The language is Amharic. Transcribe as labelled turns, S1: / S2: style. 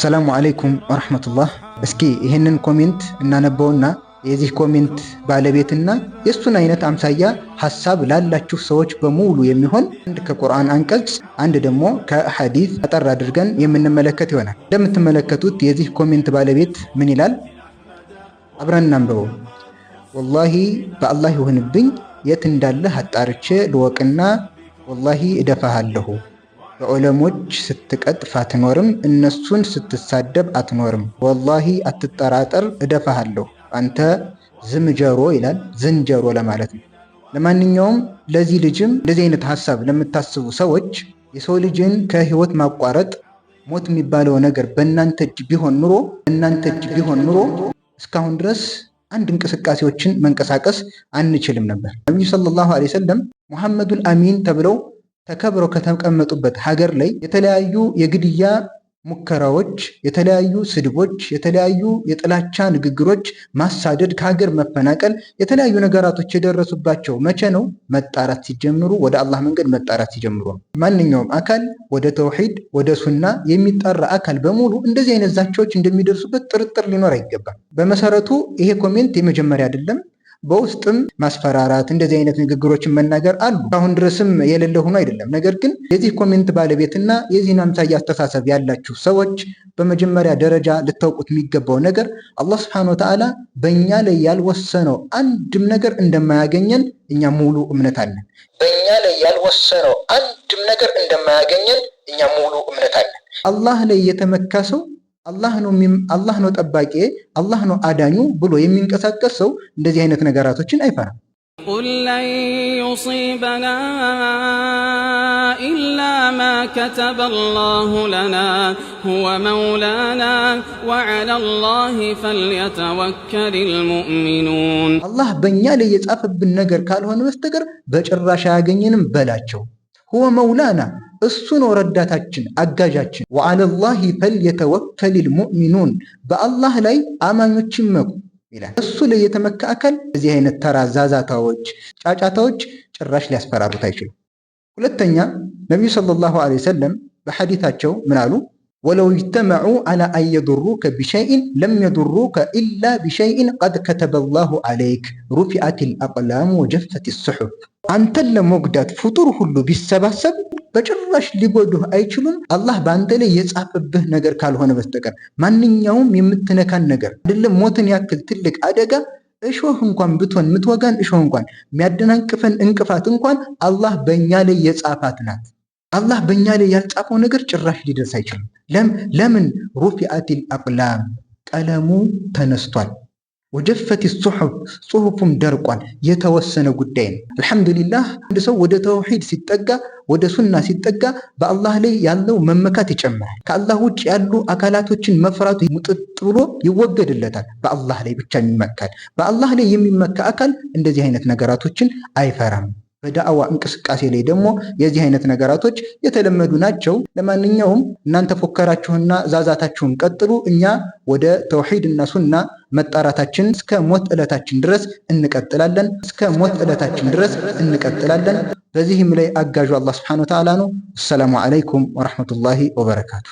S1: ሰላሙ አለይኩም ወረሕመቱላህ። እስኪ ይህንን ኮሜንት እናነበውና የዚህ ኮሜንት ባለቤትና የእሱን አይነት አምሳያ ሀሳብ ላላችሁ ሰዎች በሙሉ የሚሆን አንድ ከቁርአን አንቀጽ አንድ ደግሞ ከሐዲስ አጠር አድርገን የምንመለከት ይሆናል። እንደምትመለከቱት የዚህ ኮሜንት ባለቤት ምን ይላል? አብረን እናንበበው። ወላሂ በአላህ ይሁንብኝ የት እንዳለህ አጣርቼ ልወቅና ወላሂ እደፋሃለሁ በዑለሞች ስትቀጥፍ አትኖርም፣ እነሱን ስትሳደብ አትኖርም። ወላሂ አትጠራጠር፣ እደፋሃለሁ አንተ ዝምጀሮ ይላል። ዝንጀሮ ለማለት ነው። ለማንኛውም ለዚህ ልጅም እንደዚህ አይነት ሀሳብ ለምታስቡ ሰዎች የሰው ልጅን ከህይወት ማቋረጥ ሞት የሚባለው ነገር በእናንተ እጅ ቢሆን ኑሮ በእናንተ እጅ ቢሆን ኑሮ እስካሁን ድረስ አንድ እንቅስቃሴዎችን መንቀሳቀስ አንችልም ነበር። ነቢዩ ሰለላሁ ዐለይሂ ወሰለም ሙሐመዱን አሚን ተብለው ተከብረው ከተቀመጡበት ሀገር ላይ የተለያዩ የግድያ ሙከራዎች፣ የተለያዩ ስድቦች፣ የተለያዩ የጥላቻ ንግግሮች፣ ማሳደድ፣ ከሀገር መፈናቀል፣ የተለያዩ ነገራቶች የደረሱባቸው መቼ ነው? መጣራት ሲጀምሩ፣ ወደ አላህ መንገድ መጣራት ሲጀምሩ። ማንኛውም አካል ወደ ተውሂድ ወደ ሱና የሚጠራ አካል በሙሉ እንደዚህ አይነት ዛቻዎች እንደሚደርሱበት ጥርጥር ሊኖር አይገባም። በመሰረቱ ይሄ ኮሜንት የመጀመሪያ አይደለም። በውስጥም ማስፈራራት እንደዚህ አይነት ንግግሮችን መናገር አሉ። አሁን ድረስም የሌለ ሆኖ አይደለም። ነገር ግን የዚህ ኮሜንት ባለቤትና የዚህን አምሳያ አስተሳሰብ ያላችሁ ሰዎች በመጀመሪያ ደረጃ ልታውቁት የሚገባው ነገር አላህ ስብሐነ ወተዓላ በእኛ ላይ ያልወሰነው አንድም ነገር እንደማያገኘን እኛ ሙሉ እምነት አለን። በእኛ ላይ ያልወሰነው አንድም ነገር እንደማያገኘን እኛ ሙሉ እምነት አለን። አላህ ላይ የተመካ ሰው አላህ ነው ጠባቂ፣ አላህ ነው አዳኙ ብሎ የሚንቀሳቀስ ሰው እንደዚህ አይነት ነገራቶችን አይፈራም።
S2: ቁል ለን ዩሲበና ኢላ ማ ከተበ አላሁ ለና ሁወ መውላና ወዐላ አላህ ፈልየተወከል ልሙእሚኑን።
S1: አላህ በእኛ ላይ የጻፈብን ነገር ካልሆነ በስተቀር በጭራሽ አያገኘንም በላቸው። ሁወ መውላና እሱ ነው ረዳታችን፣ አጋዣችን። ወአለላሂ ፈልየተወከሊል ሙእሚኑን በአላህ ላይ አማኞች ይመኩ ይላል። እሱ ላይ የተመካ አካል እዚህ አይነት ተራ ዛዛታዎች፣ ጫጫታዎች ጭራሽ ሊያስፈራሩት አይችሉም። ሁለተኛ ነቢዩ ሰለላሁ ዐለይሂ ወሰለም በሐዲታቸው ምን አሉ? ወለው ይጅተመዑ አላ አን የዱሩከ ቢሸይን ለም የዱሩከ ኢላ ቢሸይን ቀድ ከተበላሁ ዐለይክ ሩፊአት ልአቅላሙ ወጀፈት ሱሑፍ አንተን ለመጉዳት ፍጡር ሁሉ ቢሰባሰብ በጭራሽ ሊጎዱህ አይችሉም። አላህ በአንተ ላይ የጻፈብህ ነገር ካልሆነ በስተቀር ማንኛውም የምትነካን ነገር አይደለም። ሞትን ያክል ትልቅ አደጋ እሾህ እንኳን ብትሆን የምትወጋን እሾህ እንኳን የሚያደናቅፈን እንቅፋት እንኳን አላህ በእኛ ላይ የጻፋት ናት። አላህ በእኛ ላይ ያልጻፈው ነገር ጭራሽ ሊደርስ አይችልም። ለምን ሩፊአቲል አቅላም ቀለሙ ተነስቷል። ወጀፈት ሱሑፍ ጽሑፉም ደርቋል። የተወሰነ ጉዳይ ነው። አልሐምዱሊላህ አንድ ሰው ወደ ተውሂድ ሲጠጋ ወደ ሱና ሲጠጋ በአላህ ላይ ያለው መመካት ይጨምራል። ከአላህ ውጭ ያሉ አካላቶችን መፍራቱ ሙጥጥ ብሎ ይወገድለታል። በአላህ ላይ ብቻ የሚመካል በአላህ ላይ የሚመካ አካል እንደዚህ አይነት ነገራቶችን አይፈራም። በዳዕዋ እንቅስቃሴ ላይ ደግሞ የዚህ አይነት ነገራቶች የተለመዱ ናቸው። ለማንኛውም እናንተ ፎከራችሁና ዛዛታችሁን ቀጥሉ። እኛ ወደ ተውሒድ እና ሱና መጣራታችን እስከ ሞት ዕለታችን ድረስ እንቀጥላለን። እስከ ሞት ዕለታችን ድረስ እንቀጥላለን። በዚህም ላይ አጋዡ አላህ ስብሐነሁ ወተዓላ ነው። አሰላሙ ዓለይኩም ወረሕመቱላሂ ወበረካቱ።